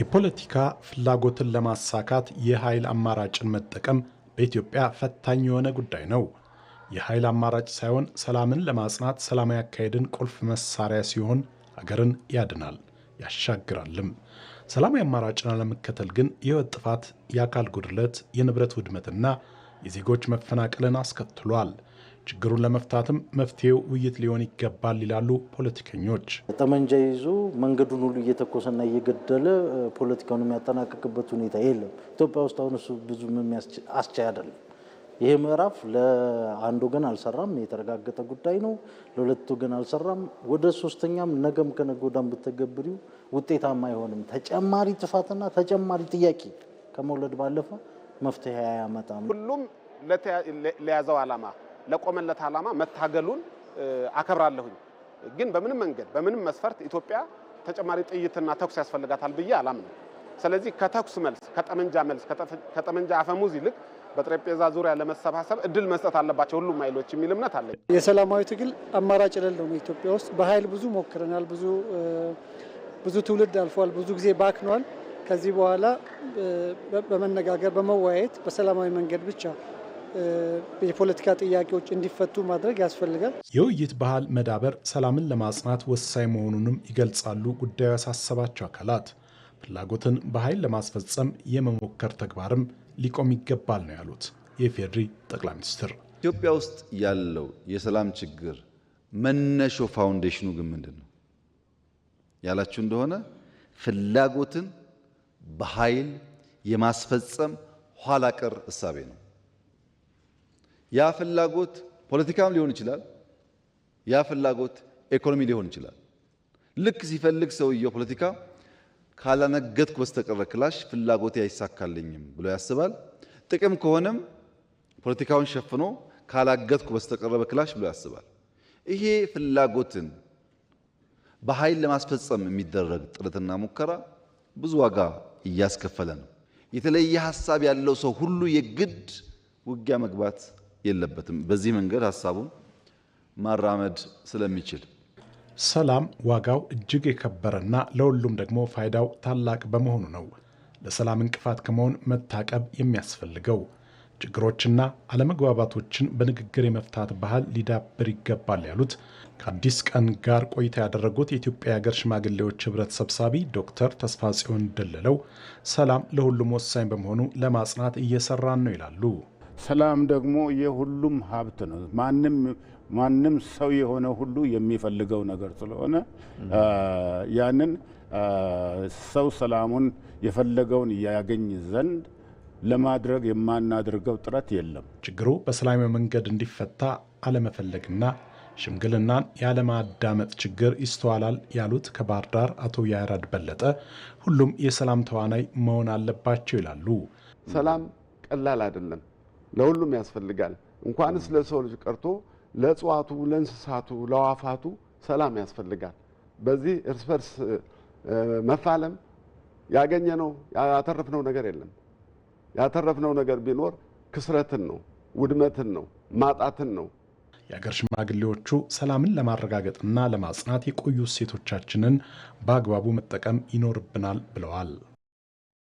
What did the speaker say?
የፖለቲካ ፍላጎትን ለማሳካት የኃይል አማራጭን መጠቀም በኢትዮጵያ ፈታኝ የሆነ ጉዳይ ነው። የኃይል አማራጭ ሳይሆን ሰላምን ለማጽናት ሰላማዊ አካሄድን ቁልፍ መሳሪያ ሲሆን አገርን ያድናል ያሻግራልም። ሰላማዊ አማራጭን አለመከተል ግን የህይወት ጥፋት፣ የአካል ጉድለት፣ የንብረት ውድመትና የዜጎች መፈናቀልን አስከትሏል። ችግሩን ለመፍታትም መፍትሄው ውይይት ሊሆን ይገባል ይላሉ ፖለቲከኞች። ጠመንጃ ይዞ መንገዱን ሁሉ እየተኮሰና እየገደለ ፖለቲካውን የሚያጠናቀቅበት ሁኔታ የለም። ኢትዮጵያ ውስጥ አሁን እሱ ብዙ አስቻይ አይደለም። ይሄ ምዕራፍ ለአንድ ወገን አልሰራም፣ የተረጋገጠ ጉዳይ ነው። ለሁለት ወገን አልሰራም፣ ወደ ሶስተኛም ነገም ከነገ ወዲያም ብትገብሪው ውጤታማ አይሆንም። ተጨማሪ ጥፋትና ተጨማሪ ጥያቄ ከመውለድ ባለፈ መፍትሄ አያመጣም። ሁሉም ለያዘው ዓላማ ለቆመለት ዓላማ መታገሉን አከብራለሁኝ። ግን በምንም መንገድ በምንም መስፈርት ኢትዮጵያ ተጨማሪ ጥይትና ተኩስ ያስፈልጋታል ብዬ አላምንም። ስለዚህ ከተኩስ መልስ ከጠመንጃ መልስ ከጠመንጃ አፈሙዝ ይልቅ በጠረጴዛ ዙሪያ ለመሰባሰብ እድል መስጠት አለባቸው ሁሉም ኃይሎች የሚል እምነት አለ። የሰላማዊ ትግል አማራጭ ለለው ነው። ኢትዮጵያ ውስጥ በኃይል ብዙ ሞክረናል። ብዙ ብዙ ትውልድ አልፏል። ብዙ ጊዜ ባክኗል። ከዚህ በኋላ በመነጋገር በመወያየት በሰላማዊ መንገድ ብቻ የፖለቲካ ጥያቄዎች እንዲፈቱ ማድረግ ያስፈልጋል። የውይይት ባህል መዳበር ሰላምን ለማጽናት ወሳኝ መሆኑንም ይገልጻሉ ጉዳዩ ያሳሰባቸው አካላት። ፍላጎትን በኃይል ለማስፈጸም የመሞከር ተግባርም ሊቆም ይገባል ነው ያሉት የፌዴሪ ጠቅላይ ሚኒስትር። ኢትዮጵያ ውስጥ ያለው የሰላም ችግር መነሾ ፋውንዴሽኑ ግን ምንድን ነው ያላችሁ እንደሆነ ፍላጎትን በኃይል የማስፈጸም ኋላ ቀር እሳቤ ነው። ያ ፍላጎት ፖለቲካም ሊሆን ይችላል። ያ ፍላጎት ኢኮኖሚ ሊሆን ይችላል። ልክ ሲፈልግ ሰውየው ፖለቲካ ካላነገትኩ በስተቀረ ክላሽ ፍላጎቴ አይሳካልኝም ብሎ ያስባል። ጥቅም ከሆነም ፖለቲካውን ሸፍኖ ካላገትኩ በስተቀረ በክላሽ ብሎ ያስባል። ይሄ ፍላጎትን በኃይል ለማስፈጸም የሚደረግ ጥረትና ሙከራ ብዙ ዋጋ እያስከፈለ ነው። የተለየ ሀሳብ ያለው ሰው ሁሉ የግድ ውጊያ መግባት የለበትም። በዚህ መንገድ ሀሳቡን ማራመድ ስለሚችል ሰላም ዋጋው እጅግ የከበረና ለሁሉም ደግሞ ፋይዳው ታላቅ በመሆኑ ነው ለሰላም እንቅፋት ከመሆን መታቀብ የሚያስፈልገው። ችግሮችና አለመግባባቶችን በንግግር የመፍታት ባህል ሊዳብር ይገባል ያሉት ከአዲስ ቀን ጋር ቆይታ ያደረጉት የኢትዮጵያ የአገር ሽማግሌዎች ህብረት ሰብሳቢ ዶክተር ተስፋጽዮን ደለለው ሰላም ለሁሉም ወሳኝ በመሆኑ ለማጽናት እየሰራን ነው ይላሉ። ሰላም ደግሞ የሁሉም ሀብት ነው። ማንም ማንም ሰው የሆነ ሁሉ የሚፈልገው ነገር ስለሆነ ያንን ሰው ሰላሙን የፈለገውን ያገኝ ዘንድ ለማድረግ የማናደርገው ጥረት የለም። ችግሩ በሰላማዊ መንገድ እንዲፈታ አለመፈለግና ሽምግልናን ያለማዳመጥ ችግር ይስተዋላል ያሉት ከባህር ዳር አቶ ያራድ በለጠ ሁሉም የሰላም ተዋናይ መሆን አለባቸው ይላሉ። ሰላም ቀላል አይደለም። ለሁሉም ያስፈልጋል። እንኳንስ ለሰው ልጅ ቀርቶ ለእጽዋቱ፣ ለእንስሳቱ፣ ለዋፋቱ ሰላም ያስፈልጋል። በዚህ እርስ በርስ መፋለም ያገኘነው ያተረፍነው ነገር የለም። ያተረፍነው ነገር ቢኖር ክስረትን ነው፣ ውድመትን ነው፣ ማጣትን ነው። የአገር ሽማግሌዎቹ ሰላምን ለማረጋገጥና ለማጽናት የቆዩ እሴቶቻችንን በአግባቡ መጠቀም ይኖርብናል ብለዋል።